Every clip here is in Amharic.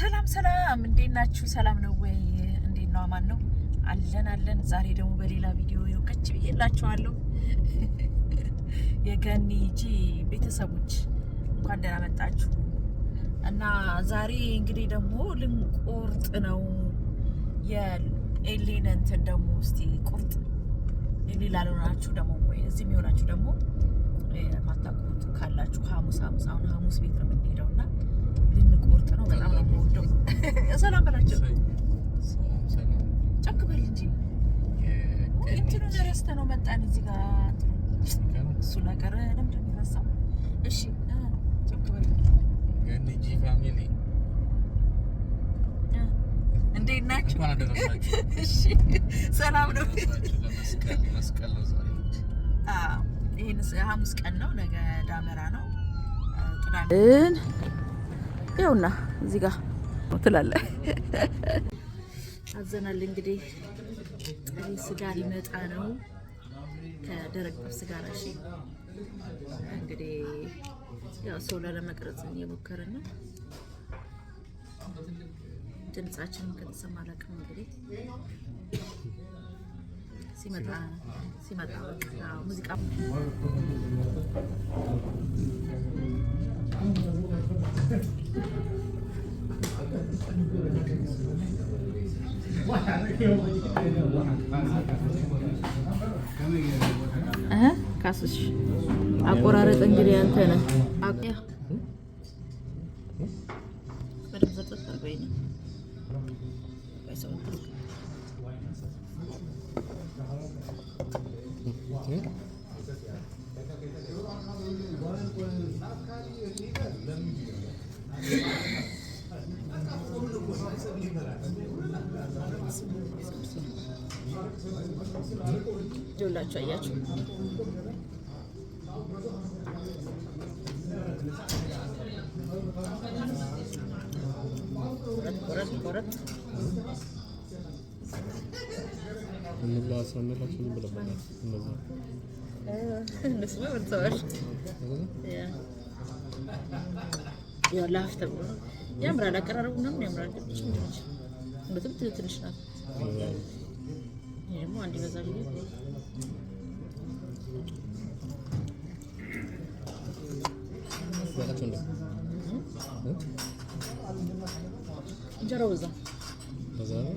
ሰላም ሰላም፣ እንዴት ናችሁ? ሰላም ነው ወይ? እንዴት ነው? አማን ነው አለን አለን። ዛሬ ደግሞ በሌላ ቪዲዮ የውቀች ብዬላችኋለሁ። የገኒ ጂ ቤተሰቦች እንኳን ደህና መጣችሁ እና ዛሬ እንግዲህ ደግሞ ልንቆርጥ ነው። የኤሌን እንትን ደግሞ እስቲ ቁርጥ ኤሌ ላልሆናችሁ ደግሞ ወይ እዚህ የሚሆናችሁ ደግሞ ማታቁርጡ ካላችሁ ሐሙስ ሐሙስ አሁን ሐሙስ ቤት ነው የምንሄደው እና ልንቆርጥ ነው። በጣም ነው የምወደው። ሰላም በላቸው። ጨክ በል እንጂ እንትኑን ረስተህ ነው መጣን እዚህ ጋር እሱ ነገር ለምንድን ነው የረሳው? እሺ ጨክ በል እንጂ ፋሚሊ እንዴት ናችሁ? ሰላም ነው። ይህን ሐሙስ ቀን ነው። ነገ ዳመራ ነው። ቅዳሜ ይኸውና እዚህ ጋር ትላለህ። አዘናል እንግዲህ ጥሬ ስጋ ሊመጣ ነው ከደረቅ ጥብስ ጋር። እሺ እንግዲህ ያው ሰው ላለመቅረጽ እየሞከርን ነው። ድምጻችንም ከተሰማ አላውቅም። እንግዲህ ሲመጣ ሲመጣ ሙዚቃ ካስሽ አቆራረጥ እንግዲህ አንተ ነህ። ጆላቸው አያቸው እነዛ ሰውነታቸውን ብለበላል። እነዛ እነሱማ በልተዋል። ያው ላፍ ተብሎ ያምራል። አቀራረቡ ምናምን ያምራል። በጣም ትንሽ ናት። ይሄ ደግሞ አንድ በዛ እንጀራው በዛ በዛ ነው።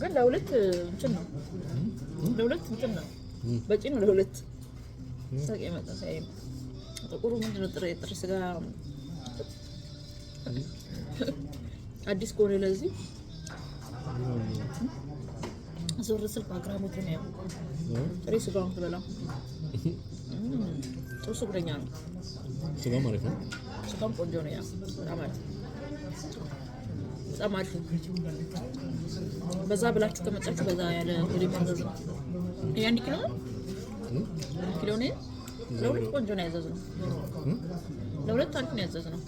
ግን ለሁለት እንትን ነው ለሁለት እንትን ነው በቂ ነው። ለሁለት ሳቅ የመጣ ጥቁሩ ምንድን ነው? ጥሬ ጥሬ ስጋ አዲስ ከሆነ ለዚህ ዞር ስል በአግራሞት ነው ያው ጥሬ ስጋውን ትበላ። ጥሩ ስጉረኛ ነው ስጋ ማለት ነው። ስጋም ቆንጆ ነው ያ በጣም አሪፍ በጣም አሪፍ በዛ ብላችሁ ከመጣችሁ በዛ ያለ ሆቴል ማዘዝ ኪሎ ነው። ኪሎ ነው። ለሁለት ቆንጆ ነው ያዘዝ ነው። ለሁለት አሪፍ ነው ያዘዝ ነው።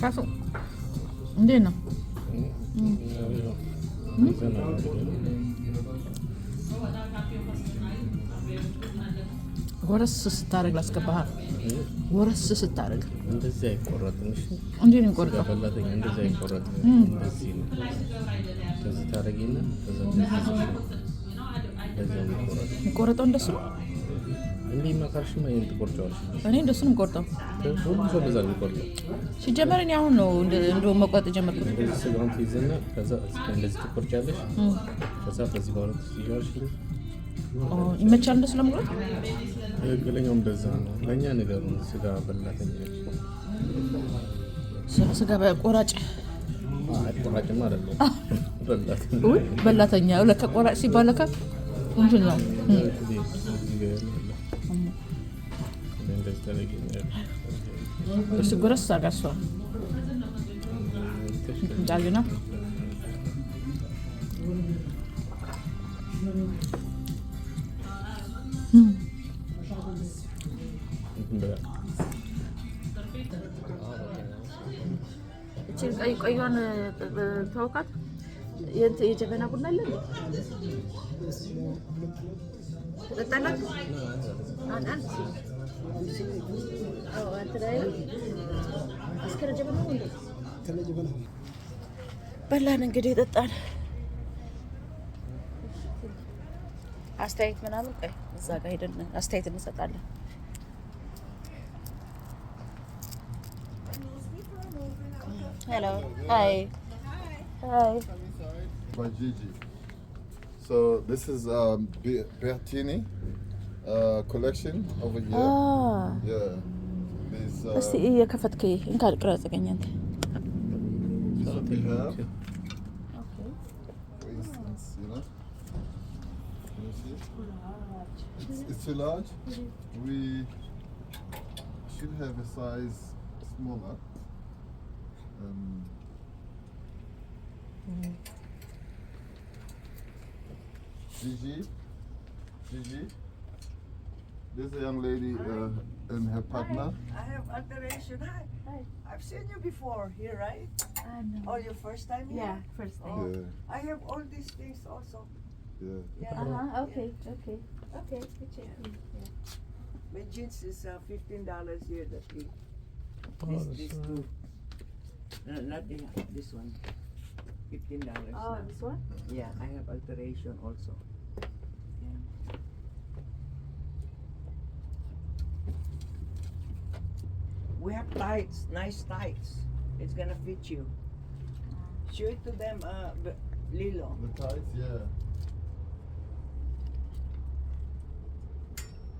ካሱ እንዴት ነው? ጎረስ ስታደርግ ላስገባሃል ወረስ ስታደርግ እንደዚህ አይቆረጥም። እሺ እንዴ ነው ቆርጣ ፈላተኛ እንደዚህ አይቆረጥም። እንደዚህ ነው እንደዚህ ታደርጊና ከዛ ቆረጠው እንደሱ እንዴ ማካርሽ ማየን ትቆርጫለሽ። እኔ እንደሱ ነው ቆርጠው ሁሉ ሰው በዛ ነው ቆርጠው። ሲጀመር እኔ አሁን ነው እንደ መቆረጥ ጀመርኩት። እንደዚህ ስጋውን ትይዝና ከዛ እንደዚህ ትቆርጫለሽ። ከዛ ከዚህ በኋላ ትይዛለሽ ይመቻል እንደሱ ለመቁረጥ ትክክለኛው እንደዛ ነው። ለእኛ ነገር ስጋ በላተኛ ስጋ ቆራጭ በላተኛ ለካ ቆራጭ ሲባል ለካ እንትን ነው። እሱ ጎረስ አጋሷል ጫግና ቀይዋን ታወቃት የጀበና ቡና አለ በላን እንግዲህ የጠጣን አስተያየት ምናምን እዛ ጋር ሄደን አስተያየት እንሰጣለን። Hello. Hi. Hi. Hi. By Gigi. So this is um, Bertini uh, collection over here. Ah. Yeah. These, uh, أستي إيه إن كان قرأت أغني أنت. This Can you see? it's too large. Mm-hmm. We should have a size smaller. Um, Gigi, Gigi, this young lady uh, and her partner. I have alteration. Hi. Hi. I've seen you before here, right? Uh, no. Oh, your first time here? Yeah, first time. Oh, Yeah. I have all these things also. Yeah. Yeah. Uh-huh, okay, okay, okay, good check. My jeans is uh, fifteen dollars here. That we. This, this no, not the, this one. Fifteen dollars. Oh, this one? Yeah, I have alteration also. Yeah. We have tights, nice tights. It's gonna fit you. Show it to them, uh, B- Lilo. The tights, yeah.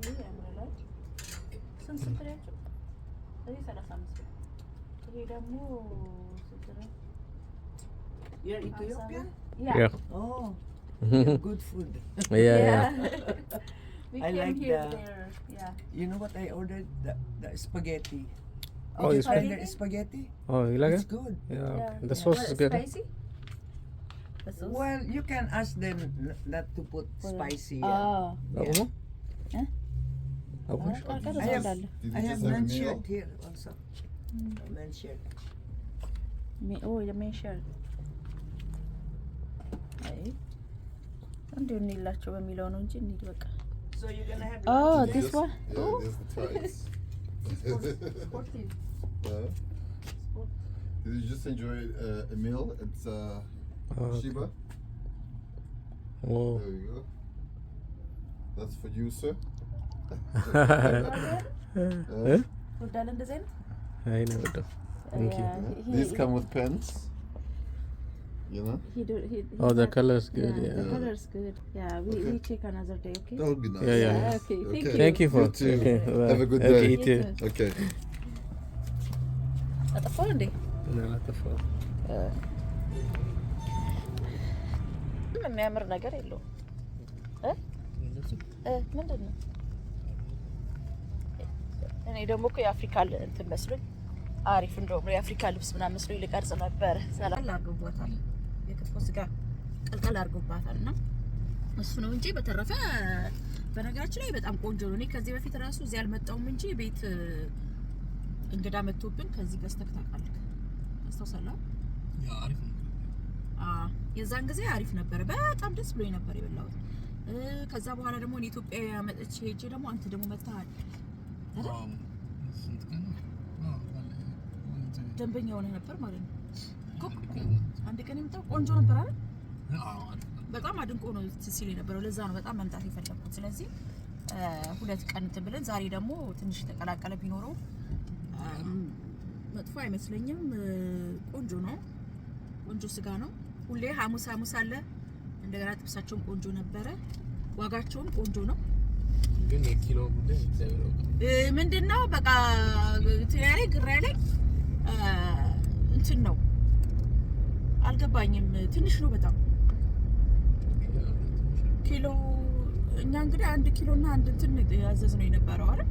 Hindi, ano na lahat? Sunset diretso. Ay, sana sunset. Ethiopian? Yeah. Yeah. Oh, mm-hmm. you good food. yeah, yeah. we I came like here, the- there. Yeah. You know what I ordered? The, the spaghetti. Oh, Did Oh, you you try the spaghetti? Oh, you like It's it? good. Yeah. yeah. okay. The sauce is good. Spicy? Well, you can ask them not to put spicy. Oh. Yeah. Huh? I have, I have lunch here also men's shirt. Me, oh, the men's shirt. Hey. እንዲሁ እንላቸው በሚለው ነው to እንሂድ በቃ። Oh, this one? Yeah, oh. the did you just enjoy uh, a meal at uh, oh, Shiba? Okay. There you go. That's for you, sir. uh, huh? I never do. Oh, thank yeah, you. These come with pens. You know? He do, he, he oh, the color's good. Yeah, the color's good. Yeah, we, okay. we check another day, okay? That would be nice. Yeah, yeah. yeah okay, okay. Thank, you. Thank you for you too. Okay, Have a good okay, day. You too. Okay. At the phone day. No, at the phone. የሚያምር ነገር የለውም ምንድን ነው እኔ ደግሞ እኮ የአፍሪካ እንትን መስሎኝ አሪፍ እንደውም የአፍሪካ ልብስ ምናምን መስሎ ይልቀርጽ ነበር። ሰላም አድርጎባታል፣ የክትፎ ስጋ ቀልቀል አድርጎባታል እና እሱ ነው እንጂ በተረፈ በነገራችን ላይ በጣም ቆንጆ ነው። እኔ ከዚህ በፊት ራሱ እዚህ አልመጣውም እንጂ ቤት እንግዳ መጥቶብን ከዚህ ገዝተህ ታውቃለህ፣ አስታውሳለሁ። የዛን ጊዜ አሪፍ ነበረ፣ በጣም ደስ ብሎኝ ነበር የበላሁት። ከዛ በኋላ ደግሞ ኢትዮጵያ መጥቼ ሄጄ ደግሞ አንተ ደግሞ መጥተሃል ደንበኛ የሆነ ነበር ማለት ነው። አንድ ቀን የምታው ቆንጆ ነበር አይደል? በጣም አድንቆ ነው ሲል የነበረው። ለዛ ነው በጣም መምጣት የፈለኩት። ስለዚህ ሁለት ቀን እንትን ብለን ዛሬ ደግሞ ትንሽ የተቀላቀለ ቢኖረው መጥፎ አይመስለኝም። ቆንጆ ነው። ቆንጆ ስጋ ነው። ሁሌ ሐሙስ ሐሙስ አለ። እንደገና ጥብሳቸውም ቆንጆ ነበረ። ዋጋቸውም ቆንጆ ነው። ግን ምንድን ነው በቃ ትያሬ ግራ ላይ እንትን ነው አልገባኝም። ትንሽ ነው በጣም ኪሎ። እኛ እንግዲህ አንድ ኪሎ እና አንድ እንትን ያዘዝ ነው የነበረው አይደል?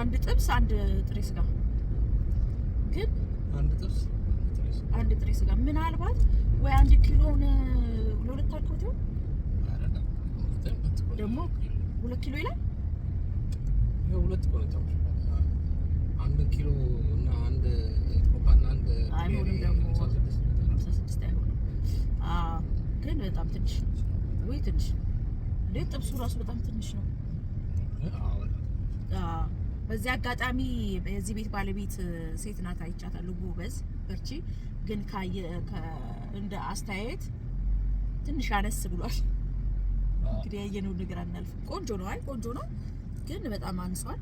አንድ ጥብስ፣ አንድ ጥሬ ስጋ ግን አንድ ጥብስ፣ አንድ ጥሬ ስጋ ምናልባት ወይ አንድ ኪሎን ለሁለት አልኮት ደግሞ ሁለት ኪሎ ይላል። ሁለት ኪሎ በጣም ትንሽ ነው ወይ? ትንሽ ነው እንዴ? ጥብሱ ራሱ በጣም ትንሽ ነው። በዚህ አጋጣሚ የዚህ ቤት ባለቤት ሴት ናት፣ አይቻታለሁ። ጎበዝ በርቺ። ግን እንደ አስተያየት ትንሽ አነስ ብሏል። እንግዲህ ያየነው ነገር አናልፍም። ቆንጆ ነው፣ አይ ቆንጆ ነው፣ ግን በጣም አንሷል።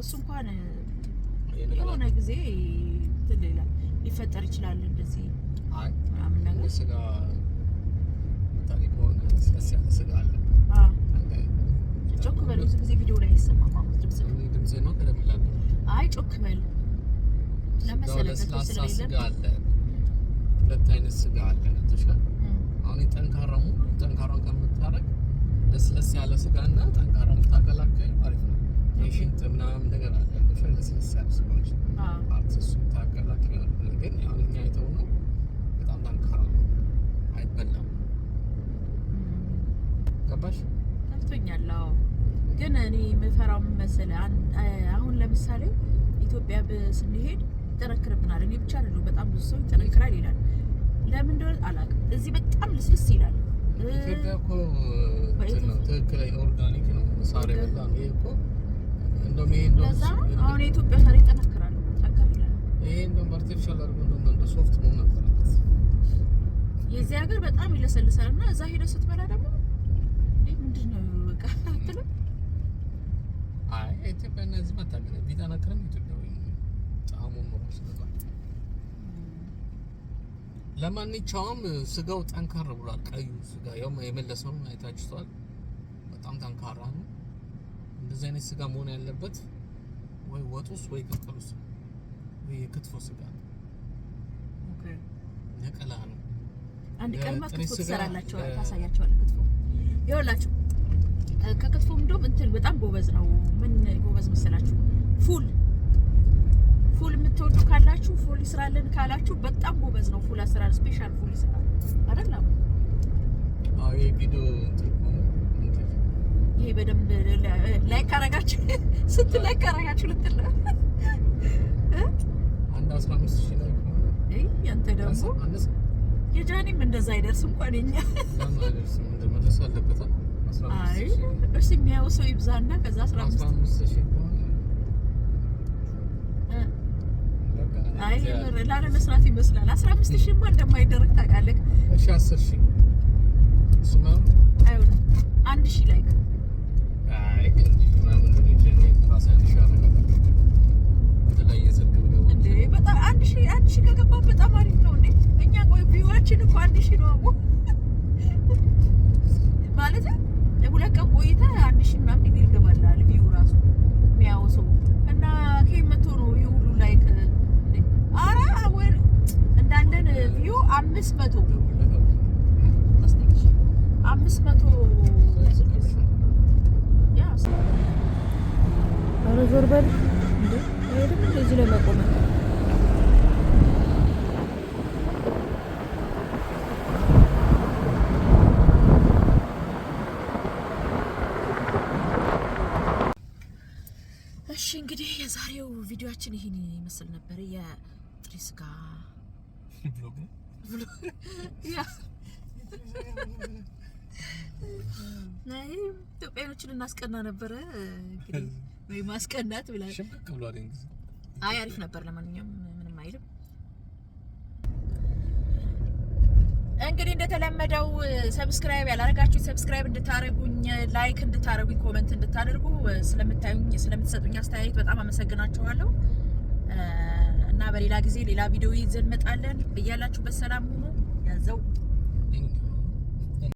እሱ እንኳን የሆነ ጊዜ ትል ይላል ሊፈጠር ይችላል እንደዚህ ምናምን ነገር ስጋ ስጋ አለ ጮክ በል። ብዙ ጊዜ ቪዲዮ ላይ ይሰማል ድምጽ ነው። አይ ጮክ በል ስጋ አለ። ሁለት አይነት ስጋ አለ። አሁን የጠንካራ ሙሉ ጠንካራውን ከምታረግ ለስለስ ያለ ስጋ እና ጠንካራውን ታቀላቀል አሪፍ ነው። ሽንጥ ምናምን ነገር አለ ለስለስ ያለ ስጋዎች ታቀላቀል ግን ያው እኛ አይተው ነው በጣም ጠንካራ ነው፣ አይበላም። ገባሽ? ገብቶኛል። ግን እኔ የምፈራው መሰለህ አሁን ለምሳሌ ኢትዮጵያ ስንሄድ ይጠነክርብናል። እኔ ብቻ አይደለሁ፣ በጣም ብዙ ሰው ይጠነክራል ይላል። ለምን እንደሆነ አላውቅም። እዚህ በጣም ልስልስ ይላል። ኢትዮጵያ እኮ ትክክለኛ ኦርጋኒክ ነው፣ ሳር የበዛ ነው። ይሄ እኮ እንደውም ይሄ እንደውም አሁን የኢትዮጵያ ሳር ይጠነክራል ይሄ እንደውም አድርጎ እንደውም እንደ ሶፍት መሆን ነበረበት። የዚህ ሀገር በጣም ይለሰልሳል እና እዛ ስትበላ ደግሞ ምንድን ነው በቃ አትልም። አይ ኢትዮጵያ እና እዚህ መታገለ ነው ለማንኛውም ስጋው ጠንካር ብሏል። ቀዩ ስጋ ያው የመለሰውን አይታችኋል። በጣም ጠንካራ ነው። እንደዚህ አይነት ስጋ መሆን ያለበት ወይ ወጡስ ወይ ቅቅሉስ የክትፎ ስጋ ኦኬ፣ ነቀላ ነው። አንድ ቀን ክትፎ ትሰራላችሁ፣ ታሳያችኋለሁ። ክትፎ ይኸውላችሁ፣ ከክትፎም እንደውም እንትን በጣም ጎበዝ ነው። ምን ጎበዝ መሰላችሁ? ፉል ፉል የምትወዱ ካላችሁ ፉል ይስራልን ካላችሁ በጣም ጎበዝ ነው። ፉል አስራ ስፔሻል ፉል ይስራል አይደል? አዎ የቪዲዮ ይሄ በደንብ ላይክ አረጋችሁ ስንት ላይክ አረጋችሁ ልትል ነው አንድ አስራ አምስት ሺህ ላይ ያንተ ደግሞ የጃኒም እንደዛ አይደርስ እንኳን ኛ እንደመድረስ አለበት። እርስ የሚያየው ሰው ይብዛና ከዛ አስራ አምስት ሺህ አይ ላለመስራት ይመስላል። አስራ አምስት ሺህማ እንደማይደረግ ታውቃለህ። እሺ አስር ሺህ አይሆንም አንድ ሺህ ላይ በጣም አንድ ሺህ አንድ ሺህ ከገባ በጣም አሪፍ ነው። እንዴ እኛ ቆይ ቪዋችን እኮ አንድ ሺህ ነው አቦ ማለት ሁለት ቀን ቆይታ አንድ ሺህ ምናምን ዲግሪ ይገባላል። ቪው ራሱ የሚያወሰው እና ኬክ መቶ ነው የሁሉ ላይክ አራ ወይ እንዳለን ቪው አምስት መቶ አምስት መቶ ዞር በል እንደዚህ ለመቆም እንግዲህ የዛሬው ቪዲዮችን ይህን ይመስል ነበር። የጥሬ ስጋ ኢትዮጵያኖችን እናስቀና ነበረ ወይ ማስቀናት ብላ አይ አሪፍ ነበር። ለማንኛውም ምንም አይልም። እንግዲህ እንደተለመደው ሰብስክራይብ ያላረጋችሁ ሰብስክራይብ እንድታደርጉኝ፣ ላይክ እንድታደርጉኝ፣ ኮመንት እንድታደርጉ ስለምታዩኝ ስለምትሰጡኝ አስተያየት በጣም አመሰግናችኋለሁ እና በሌላ ጊዜ ሌላ ቪዲዮ ይዘን እንመጣለን። ብያላችሁበት ሰላም ሁኑ። ያዘው